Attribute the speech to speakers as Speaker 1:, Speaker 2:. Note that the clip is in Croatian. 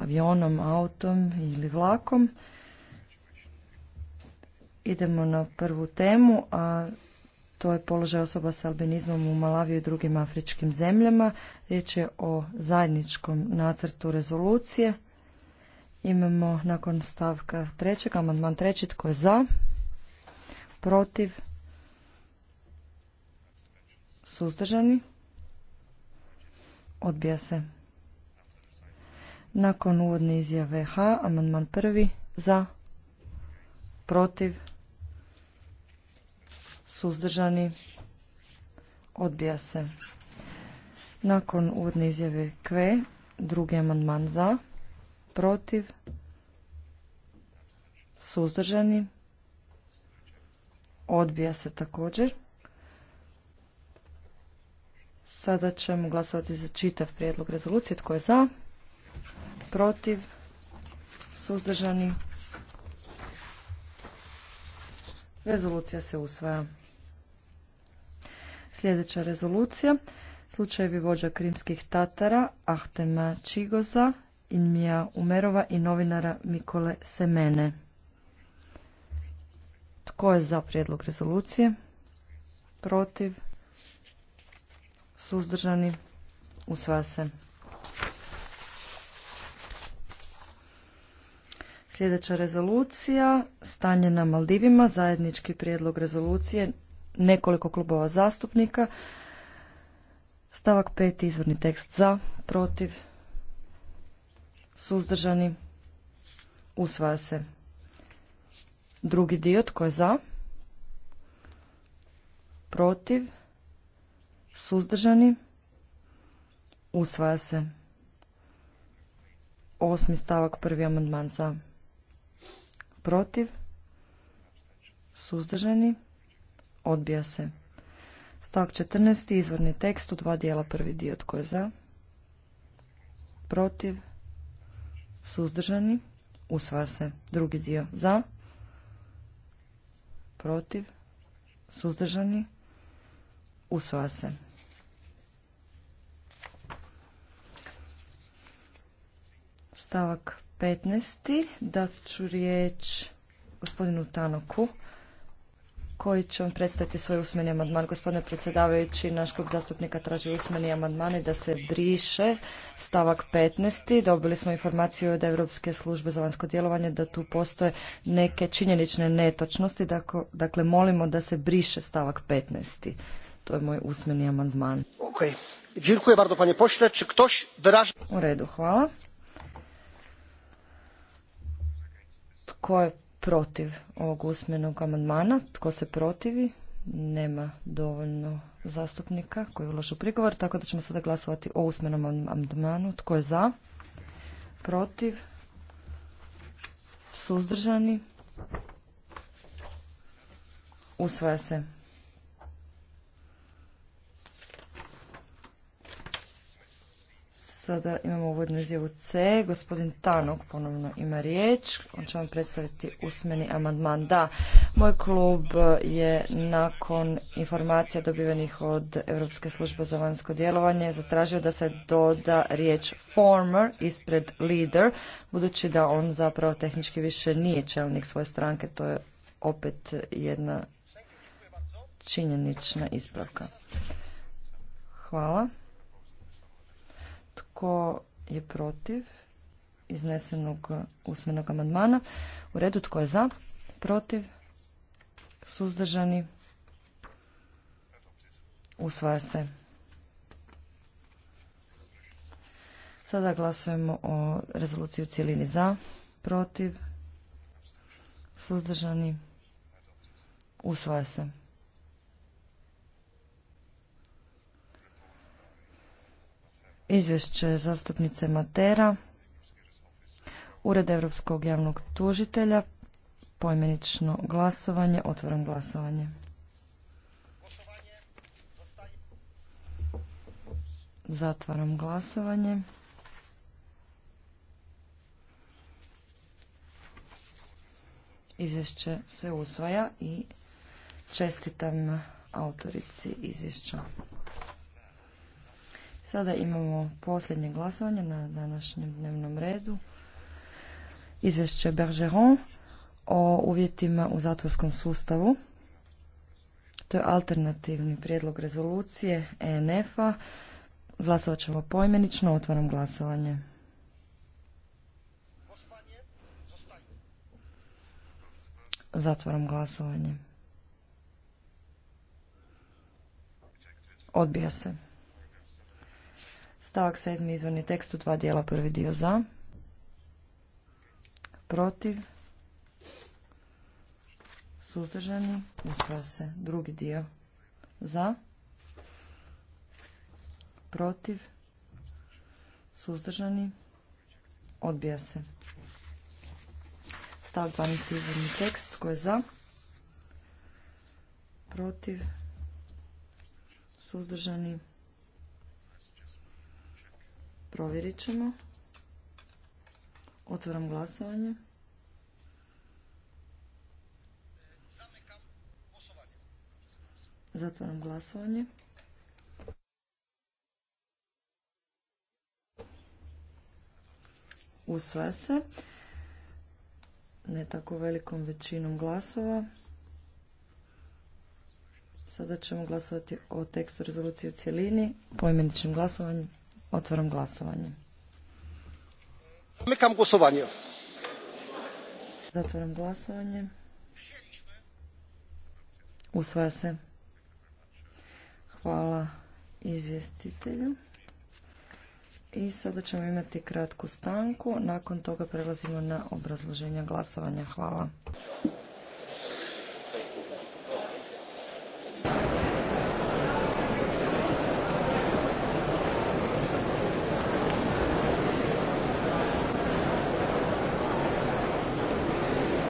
Speaker 1: avionom, autom ili vlakom. Idemo na prvu temu, a to je položaj osoba s albinizmom u Malaviju i drugim afričkim zemljama. Riječ je o zajedničkom nacrtu rezolucije. Imamo nakon stavka trećeg, amandman treći, tko je za, protiv, suzdržani, odbija se. Nakon uvodne izjave H, amandman prvi, za, protiv, suzdržani, odbija se. Nakon uvodne izjave Q, drugi amandman za, protiv, suzdržani, odbija se također. Sada ćemo glasovati za čitav prijedlog rezolucije. Tko je za? protiv, suzdržani. Rezolucija se usvaja. Sljedeća rezolucija. Slučajevi vođa krimskih tatara Ahtema Čigoza, Inmija Umerova i novinara Mikole Semene. Tko je za prijedlog rezolucije? Protiv? Suzdržani? Usvaja se. Sljedeća rezolucija, stanje na Maldivima, zajednički prijedlog rezolucije, nekoliko klubova zastupnika. Stavak 5. izvorni tekst za, protiv, suzdržani, usvaja se. Drugi dio, tko je za, protiv, suzdržani, usvaja se. Osmi stavak, prvi amandman za protiv, suzdržani, odbija se. Stavak 14. izvorni tekst u dva dijela. Prvi dio tko je za, protiv, suzdržani, usvaja se. Drugi dio za, protiv, suzdržani, usvaja se. Stavak 15. dat ću riječ gospodinu Tanoku koji će vam predstaviti svoj usmeni amandman. Gospodine predsjedavajući, naš klub zastupnika traži usmeni amandman i da se briše stavak 15. Dobili smo informaciju od Europske službe za vanjsko djelovanje da tu postoje neke činjenične netočnosti, dakle molimo da se briše stavak 15. To je moj usmeni amandman. Dziękuję bardzo panie U redu, hvala. Tko je protiv ovog usmenog amandmana? Tko se protivi? Nema dovoljno zastupnika koji ulažu prigovor, tako da ćemo sada glasovati o usmenom amandmanu. Tko je za? Protiv? Suzdržani? Usvaja se. Sada imamo uvodnu izjavu C. Gospodin Tanog ponovno ima riječ. On će vam predstaviti usmeni amandman. Da, moj klub je nakon informacija dobivenih od Europske službe za vanjsko djelovanje zatražio da se doda riječ former ispred leader, budući da on zapravo tehnički više nije čelnik svoje stranke. To je opet jedna činjenična ispravka. Hvala. Tko je protiv iznesenog usmenog amandmana? U redu. Tko je za? Protiv? Suzdržani? Usvaja se. Sada glasujemo o rezoluciji u cijelini za, protiv, suzdržani, usvaja se. izvješće zastupnice Matera, Ured Europskog javnog tužitelja, poimenično glasovanje, otvaram glasovanje. Zatvaram glasovanje. Izvješće se usvaja i čestitam autorici izvješća. Sada imamo posljednje glasovanje na današnjem dnevnom redu. Izvješće Bergeron o uvjetima u zatvorskom sustavu. To je alternativni prijedlog rezolucije ENF-a. Glasovat ćemo poimenično, otvaram glasovanje. Zatvaram glasovanje. Odbija se. Stavak 7. izvorni tekst u dva dijela. Prvi dio za. Protiv. Suzdržani. Usvaja se. Drugi dio. Za. Protiv. Suzdržani. Odbija se. Stav 12. izvorni tekst. Tko je za? Protiv. Suzdržani. Provjerit ćemo. Otvaram glasovanje. Zatvaram glasovanje. Usvaja se. Ne tako velikom većinom glasova. Sada ćemo glasovati o tekstu rezolucije u cjelini. Poimeničnim glasovanjem. Otvaram glasovanje. Zamykam głosowanie. Zatvaram glasovanje. Usvaja se. Hvala izvjestitelju. I sada ćemo imati kratku stanku. Nakon toga prelazimo na obrazloženja glasovanja. Hvala.